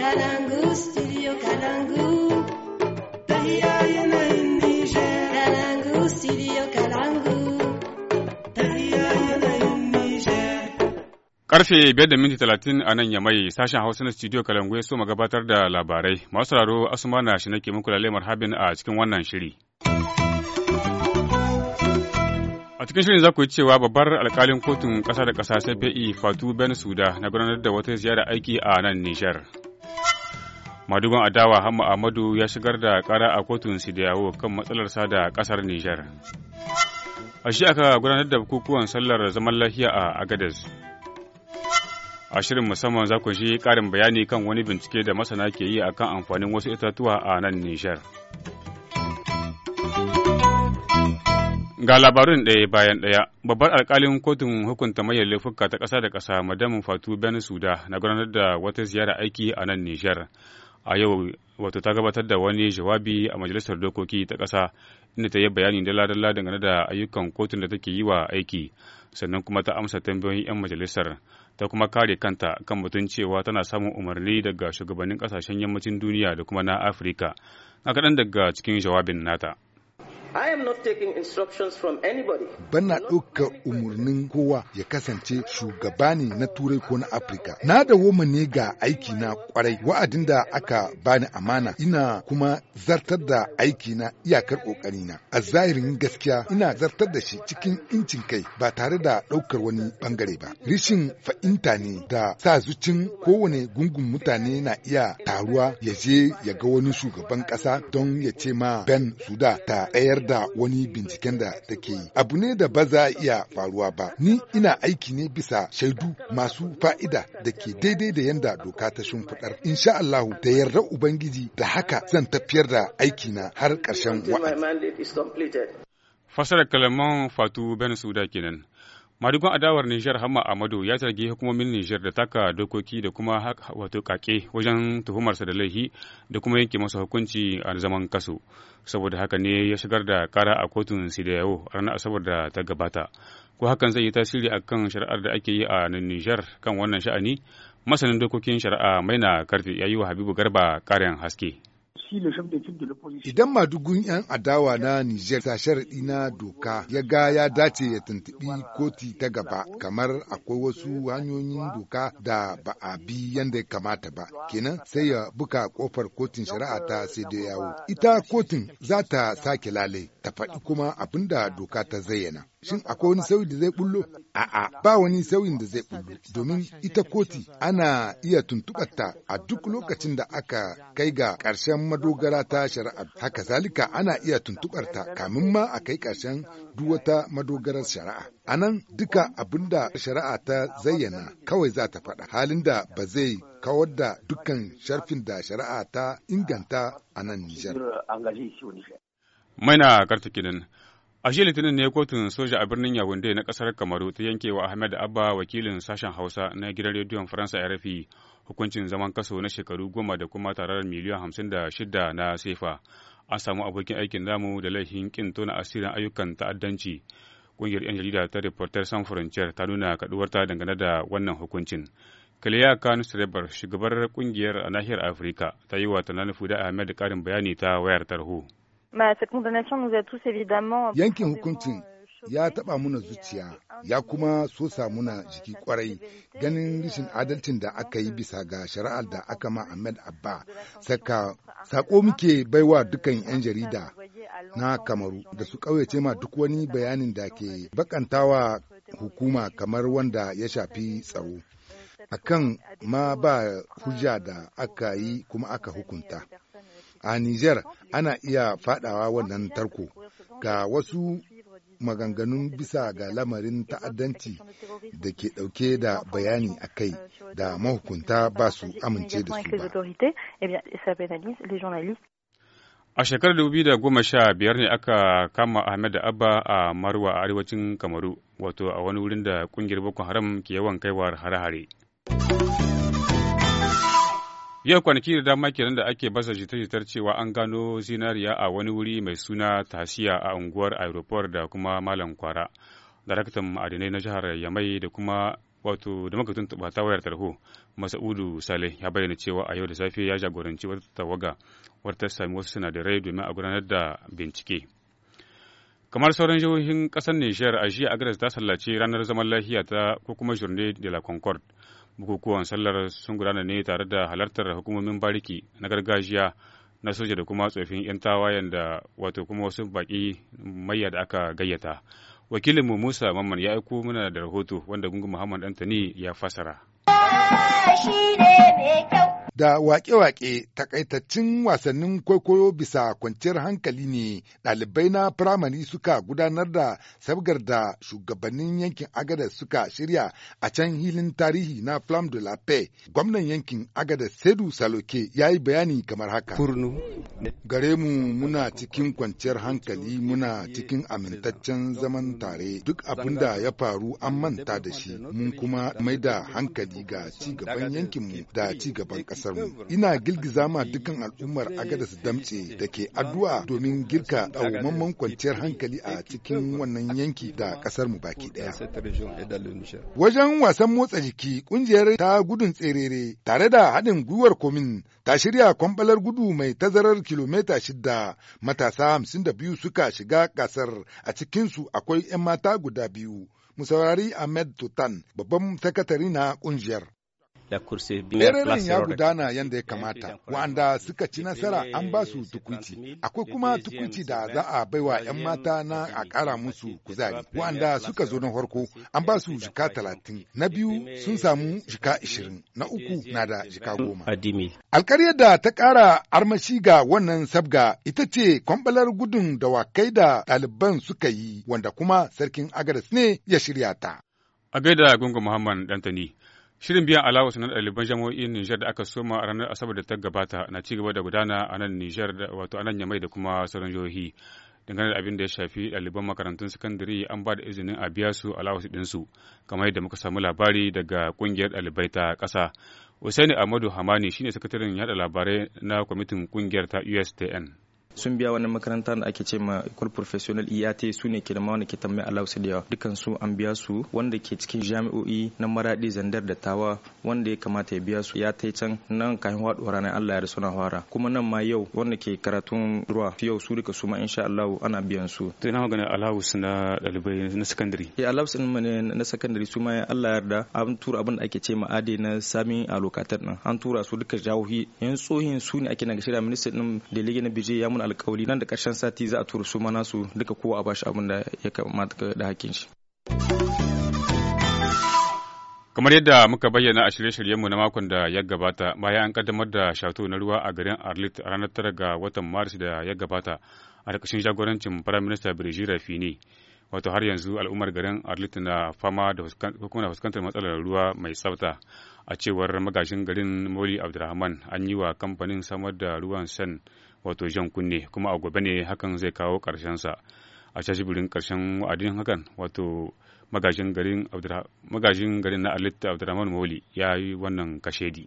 Kalangu, studio Kalangu. Karfe biyar da minti talatin a nan ya mai sashen Hausa na studio Kalangu ya so gabatar da labarai. Masu sauraro Asuma na shi nake muku lalemar habin a cikin wannan shiri. A cikin shirin za ku yi cewa babbar alkalin kotun ƙasa da ƙasa C.P.E Fatu Ben Suda na gudanar da wata ziyara aiki a nan Nijar. madugan adawa hamma ahmadu ya shigar da kara a kotun sidiyawo kan matsalarsa da kasar nijar a shi aka gudanar da bukukuwan sallar zaman lafiya a agadez a shirin musamman za ku shi karin bayani kan wani bincike da masana ke yi akan amfanin wasu itatuwa a nan nijar Ga labarin ɗaya bayan ɗaya, babbar alkalin kotun hukunta mayar laifuka ta ƙasa da ƙasa madamin Fatu Ben Suda na gudanar da wata ziyara aiki a nan Nijar. a yau wato ta gabatar da wani jawabi a majalisar dokoki ta ƙasa inda ta yi bayani dala-dala dangane da ayyukan kotun da take yi wa aiki sannan kuma ta amsa tambayoyin 'yan majalisar ta kuma kare kanta kan batun cewa tana samun umarni daga shugabannin ƙasashen yammacin duniya da kuma na afirka na kaɗan daga cikin jawabin nata. I am not taking instructions Bana ɗaukar umarnin kowa ya kasance shugaba ne na Turai ko na Afirka. Na da woma ne ga aiki na kwarai wa'adin da aka bani amana ina kuma zartar da aiki na iyakar na. A zahirin gaskiya ina zartar da shi cikin incin kai ba tare da ɗaukar wani bangare ba. Rishin fa'inta ne da sa zucin kowane gungun mutane na iya taruwa ya je ya ga wani shugaban ƙasa don ya ce ma Ben Suda ta ɗayar gudanar da wani binciken da take yi abu ne da ba za a iya faruwa ba ni ina aiki ne bisa shaidu masu fa'ida da ke daidai da yanda doka ta shimfiɗar insha Allah da yarda ubangiji da haka zan tafiyar da aiki na har ƙarshen wa'adi fasarar kalaman fatu ben suda kenan madugun adawar Nijar Hamma Amadu ya zargi hukumomin Nijar da taka dokoki da kuma wato kake wajen tuhumarsa da laihi da kuma yanke masa hukunci a zaman kaso. Saboda haka ne ya shigar da kara a kotun Sidiyawo a ranar Asabar da ta gabata. Ko hakan zai yi tasiri a kan shari'ar da ake yi a Nijar kan wannan sha'ani? Masanin dokokin shari'a mai na Karfe ya yi wa Habibu Garba ƙarin haske. Idan madugun 'yan adawa na Nijar ta sharaɗi na doka ya ga ya dace ya tuntuɓi koti ta gaba kamar akwai wasu hanyoyin doka da ba a bi yadda ya kamata ba kenan sai ya buka kofar kotun shari'a ta sai da yawo. Ita kotun za ta sake lalai ta faɗi kuma abin da doka ta zayyana. shin akwai wani sauyi da zai bullo a'a ba wani sauyin da zai bullo domin ita koti ana iya tuntuɓarta a duk lokacin da aka kai ga ƙarshen madogara ta shari'ar haka zalika ana iya tuntuɓarta kamin ma a kai ƙarshen duk wata madogarar shari'a a nan duka abinda da shari'a ta zayyana kawai za ta faɗa halin da ba zai kawar da dukkan sharfin da shari'a ta inganta a nan Nijar. Maina karta A jiya Litinin ne kotun soja a birnin Yawunde na kasar Kamaru ta yanke wa Ahmed Abba wakilin sashen Hausa na gidan rediyon Faransa RFI hukuncin zaman kaso na shekaru goma da kuma tarar miliyan hamsin da shida na sefa. An samu abokin aikin namu da laifin kin tona asirin ayyukan ta'addanci. Ƙungiyar 'yan jarida ta Reporter San Frontier ta nuna ta dangane da wannan hukuncin. Kaliya kan Srebar, shugabar kungiyar a nahiyar Afirka, ta yi wa tunanin Fuda Ahmed karin bayani ta wayar tarho. Yankin hukuncin euh, ya taɓa muna euh, zuciya ya kuma sosa muna jiki kwarai ganin rishin adalcin da aka yi bisa ga shari'ar da aka ma Ahmed Abba saka sako muke baiwa dukan 'yan jarida na Kamaru da su ƙauyace ma duk wani bayanin da ke bakantawa hukuma kamar wanda ya shafi tsaro akan ma ba hujja da aka yi kuma aka hukunta. a Nijar ana iya fadawa wannan tarko ga wasu maganganun bisa ga lamarin ta'addanci da ke dauke da bayani a kai da mahukunta ba su amince da su ba. Eh a shekarar 2015 ne aka kama Ahmed Abba a Marwa a arewacin Kamaru, wato a wani wurin da kungiyar Boko Haram ke yawan kaiwa hare-hare. Yau kwanaki da dama kenan da ake basa jita-jitar cewa an gano zinariya a wani wuri mai suna Tasiya a unguwar Aeroport da kuma Malam Kwara. Daraktan ma'adinai na jihar Yamai da kuma wato da makatun tuntuɓa ta wayar tarho Masa'udu Saleh ya bayyana cewa a yau da safe ya jagoranci wata tawaga wata sami wasu sinadarai domin a gudanar da bincike. kamar sauran jihohin kasar Nijar a jiya Agres ta sallaci ranar zaman lafiya ta ko kuma Journée de la Concorde bukukuwan sallar sun gudana ne tare da halartar hukumomin bariki na gargajiya na soja da kuma tsofin 'yan tawayen da wato kuma wasu baki mayya da aka gayyata wakilinmu musa mamman ya aiko mana da rahoto wanda gungun muhammad dantani ya fasara shi da waƙe-waƙe takaitaccen wasannin kwaikwayo bisa kwanciyar hankali ne ɗalibai na firamare suka gudanar da sabgar da shugabannin yankin agadas suka shirya a can hilin tarihi na flam de la paix gwamnan yankin agadas sedu saloke ya yi bayani kamar haka gare mu muna cikin kwanciyar hankali muna cikin amintaccen zaman tare duk abin da ya faru an manta da shi mun kuma mai da hankali ga gaban yankinmu da ci gaban ƙasa kasar ina girgiza ma dukkan al'ummar su damtse da ke addu'a domin girka dawamamman kwanciyar hankali a cikin wannan yanki da kasar mu baki daya wajen wasan motsa jiki kungiyar ta gudun tserere tare da haɗin gwiwar komin ta shirya kwambalar gudu mai tazarar kilomita shida matasa hamsin da biyu suka shiga gasar a cikinsu akwai 'yan mata guda biyu mu ahmed tutan babban sakatari na kungiyar Leraren ya gudana yadda ya kamata, wanda suka ci nasara an ba su tukunci Akwai kuma tukunci da za a baiwa 'yan mata na a ƙara musu kuzari, wanda suka zo na farko an ba su jika talatin, na biyu sun samu jika ishirin, na uku na da jika goma. Alkaryar da ta ƙara armashi ga wannan sabga ita ce kwambalar gudun dawakai da ɗaliban suka yi, wanda kuma sarkin agares ne ya shirya ta. A gaida Gungun Muhammad Dantani. Shirin biyan alawus na ɗaliban jami'o'in Nijar da aka soma a ranar Asabar da ta gabata na ci gaba da gudana a nan Nijar wato a nan Yamai da kuma sauran jihohi. Dangane da abin da ya shafi ɗaliban makarantun sakandare an ba da izinin a biya su alawus su kamar yadda muka samu labari daga ƙungiyar ɗalibai ta ƙasa. Usaini Ahmadu Hamani shine sakataren yaɗa labarai na kwamitin ƙungiyar ta USTN. sun biya wani makaranta da ake ce ma école professionnel IAT su ne ke da mawani ke tambaya Allah su da yawa dukan su an biya su wanda ke cikin jami'o'i na maradi zandar da tawa wanda ya kamata ya biya su ya tai can nan kafin waɗuwa ranar Allah ya suna fara kuma nan ma yau wanda ke karatun ruwa yau su duka su ma insha allahu ana biyan su to ina magana allowance na dalibai na secondary ya eh, allowance din ne na secondary su ma Allah yarda an tura abin da ake ce ma ade na sami alokatar nan an tura su duka jahohi yan tsohin su ne ake da ga shirya minister din delegate na bije ya mun alkawari nan da karshen sati za a tura su mana su duka kowa a bashi abin da ya kamata da hakin shi kamar yadda muka bayyana a shirye-shiryenmu na makon da ya gabata bayan an kaddamar da shato na ruwa a garin arlit a ranar tara ga watan maris da ya gabata a ƙarƙashin jagorancin firayim minista birjira fini wato har yanzu al'ummar garin arlit na fama da fuskantar matsalar ruwa mai tsafta a cewar magashin garin moli abdulrahman an yi wa kamfanin samar da ruwan san wato jan kunne kuma a gobe ne hakan zai kawo sa a shashibirin karshen wa'adin hakan wato magajin garin na alitta abdurrahman moli ya yi wannan kashedi.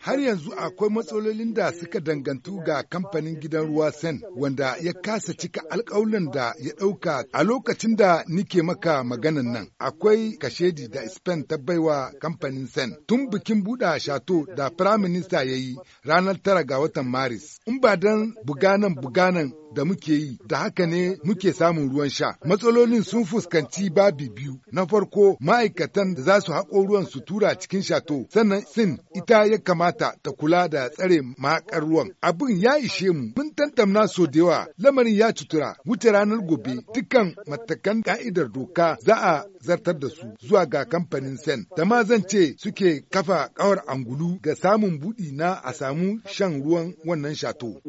Har yanzu akwai matsalolin da suka dangantu ga kamfanin gidan ruwa Sen wanda ya kasa cika alkawalin da ya ɗauka a lokacin da nike maka maganan nan. Akwai kashedi da Spain ta baiwa kamfanin Sen tun bikin buɗe shato da firaminista ya yi ranar tara ga watan Maris. In ba dan buganan buganan da muke yi da haka ne muke samun ruwan sha matsalolin sun fuskanci babi biyu na farko ma'aikatan da za su haƙo ruwan su tura cikin shato sannan sin ita ya kamata ta kula da tsare makar ruwan abin ya ishe mu mun tantamna so da yawa lamarin ya cutura wuce ranar gobe dukkan matakan ka'idar doka za a zartar da su zuwa ga kamfanin sen da ma zan ce suke kafa kawar angulu ga samun buɗi na a samu shan ruwan wannan shato.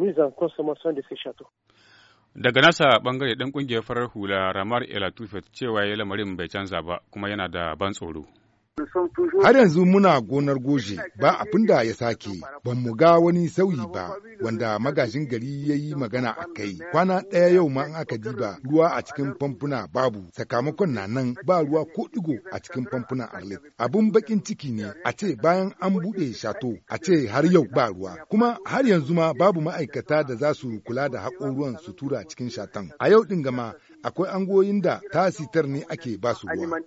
Daga nasa bangare ɗan ƙungiyar farar hula Ramar Elatufet cewa ya lamarin bai canza ba kuma yana da ban tsoro. Har yanzu muna gonar goje ba a da ya sake, ban mu ga wani sauyi ba wanda magajin gari ya yi magana a kai. Kwana ɗaya yau ma an aka diba ruwa a cikin famfuna babu, sakamakon na nan ba ruwa ko ɗigo a cikin famfunan arlet Abin bakin ciki ne a ce bayan an buɗe shato a ce har yau ba ruwa, kuma har yanzu ma babu ma'aikata da za su kula da haƙo ruwan su tura cikin shatan. A yau ɗin gama akwai angoyin da ta sitar ne ake basu ruwa.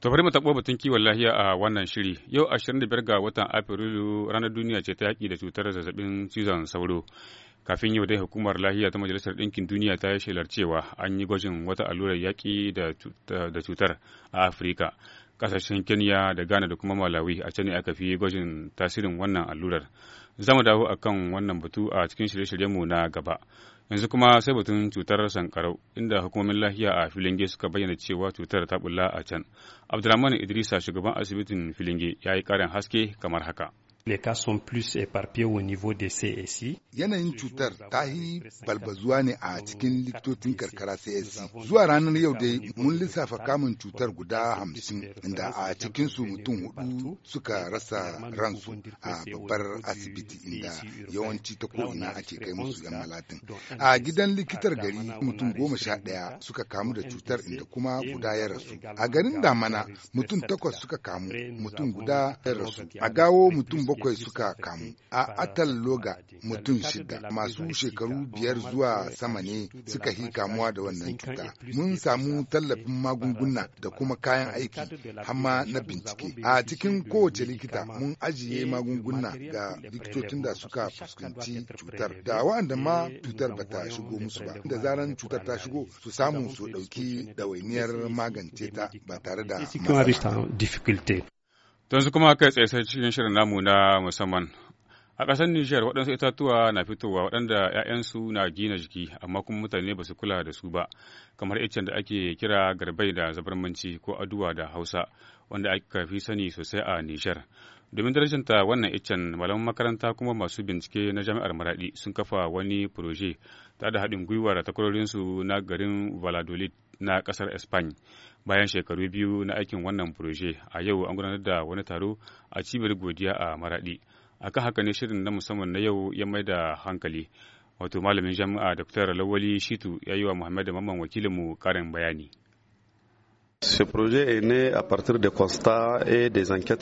To bari mu taɓo batun kiwon lahiya a wannan shiri. Yau 25 ga watan Afrilu ranar duniya ce ta yaƙi da cutar zazzabin cizon sauro. Kafin yau dai hukumar lahiya ta Majalisar Ɗinkin Duniya ta yi shelar cewa an yi gwajin wata allurar yaƙi da cutar a Afirka. kasashen kenya da ghana da kuma malawi a can ne aka fi gwajin tasirin wannan allurar za mu dawo akan wannan batu a cikin shirye-shiryenmu na gaba yanzu kuma sai batun cutar sankarau inda hukumomin lafiya a filinge suka bayyana cewa cutar ta bulla a can abdulrahman idrisa shugaban asibitin filinge ya yi karin haske kamar haka Les cas sont plus éparpillés au niveau des CSI. Yanayin cutar ta yi balbazuwa ne a cikin likitocin karkara CSI. Zuwa ranar yau dai mun lissafa kamun cutar guda hamsin inda a cikinsu mutum hudu suka rasa ransu a babbar asibiti inda yawanci ta ko'ina ake kai musu yan latin A gidan likitar gari mutum goma sha ɗaya suka kamu da cutar inda kuma guda ya rasu. A garin damana mutum takwas suka kamu mutum guda ya rasu. A gawo mutum bakwai suka kamu a atal loga mutum shida masu shekaru biyar zuwa sama ne suka hi kamuwa da wannan cuta mun samu tallafin eh, magunguna da kuma kayan aiki hama na bincike a cikin kowace likita mun ajiye magunguna ga likitocin da suka fuskanci cutar da waɗanda ma eh, cutar ba ta shigo musu ba da zaran cutar ta shigo su samu su ɗauki ɗawainiyar magance ta ba tare da difficulty. Don su kuma kai tsaye cikin shirin namu na musamman. A ƙasar Nijar waɗansu itatuwa na fitowa waɗanda ‘ya'yansu na gina jiki amma kuma mutane ba su kula da su ba, kamar iccen da ake kira garbai da zabarmanci ko aduwa da Hausa wanda aka fi sani sosai a Nijar. Domin darajanta wannan iccen malaman makaranta kuma masu bincike na jami'ar Maraɗi sun kafa wani proje ta da haɗin gwiwar takwarorinsu na garin Valladolid na ƙasar Espany. bayan shekaru biyu na aikin wannan furoje a yau an gudanar da wani taro a cibiyar godiya a maradi akan haka ne shirin na musamman na yau ya mai da hankali wato malamin jami'a dr lawali shitu ya yi wa muhammadu mamman wakilinmu karin bayani partir de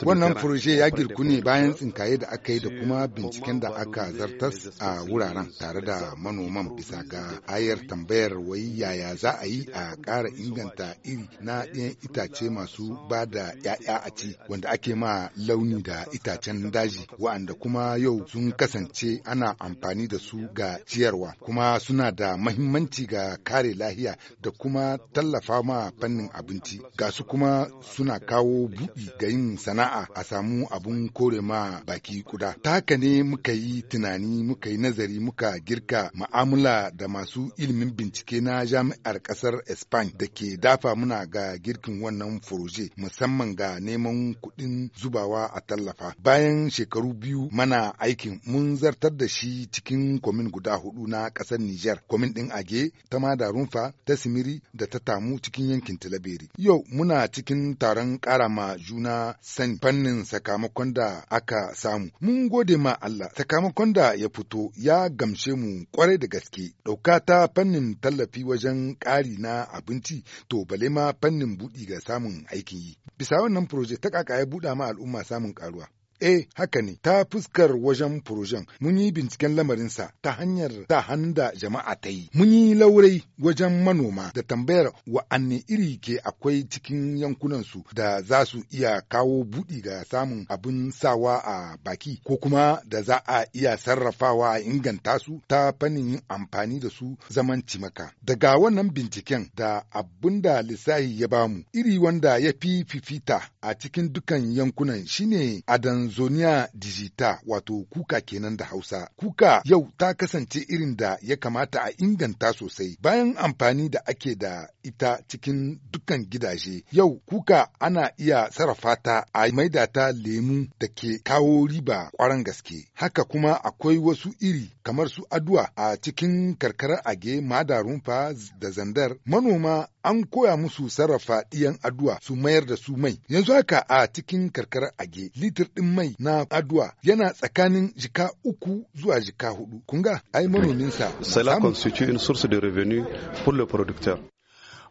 Wannan proje ya girku ne bayan tsinkaye da aka yi da kuma binciken da aka zartas a wuraren tare da manoman bisa ga ayar tambayar wai yaya za a yi a ƙara inganta iri na ɗayan itace masu ba da ‘ya'ya a ci wanda ake ma launi da itacen daji wa'anda kuma yau sun kasance ana amfani da su ga ciyarwa kuma suna da mahimmanci ga kare lahiya da kuma tallafa ma fannin abinci. ga su kuma suna kawo buɗi ga yin sana'a a samu abun kore ma baki kuda ta haka ne muka yi tunani muka yi nazari muka girka ma'amula da masu ilimin bincike na jami'ar ƙasar Spain da ke dafa muna ga girkin wannan furoje musamman ga neman kuɗin zubawa a tallafa bayan shekaru biyu mana aikin mun zartar da shi cikin kwamin guda hudu na ƙasar Nijar kwamin ɗin Age ta Madarunfa ta Simiri da ta tamu cikin yankin Talaberi Yau muna cikin taron ƙarama juna san fannin sakamakon da aka samu. Mun gode ma Allah, sakamakon da ya fito ya gamshe mu kwarai da gaske. Ɗauka ta fannin tallafi wajen ƙari na abinci, to bale ma fannin buɗi ga samun aikin yi. Bisa wannan ta kaka ya buɗa ma al'umma samun ƙaruwa. eh haka ne ta fuskar wajen furojen mun yi binciken lamarinsa ta hanyar ta hannu da jama'a ta yi mun yi laurai wajen manoma da tambayar wa'anne iri ke akwai cikin yankunansu da za su iya kawo buɗi ga samun abin sawa a baki ko kuma da za a iya sarrafawa a inganta su ta fannin yin amfani da su zaman cimaka daga wannan binciken da abin da lissahi ya bamu iri wanda ya fi fifita a cikin dukan yankunan shine adan zoniya digita wato kuka kenan da Hausa. Kuka yau ta kasance irin da ya kamata a inganta sosai bayan amfani da ake da ita cikin dukkan gidaje. Yau kuka ana iya sarrafa ta a maida ta lemu da ke kawo riba kwaran gaske. Haka kuma akwai wasu iri kamar su aduwa a cikin karkarar age rumfa da zandar manoma an koya musu sarrafa ɗiyan aduwa su mayar da su mai. Yanzu haka a cikin karkarar age litir ɗin mai na aduwa yana tsakanin jika uku zuwa jika hudu. Kunga ai manominsa. sa. constitue une source de revenu pour le producteur.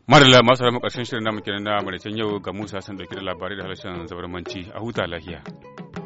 Madalla masu rama ƙarshen shirin namu kenan na maraicen yau ga Musa sun ɗauki da labarai da harshen zabarmanci a huta lahiya.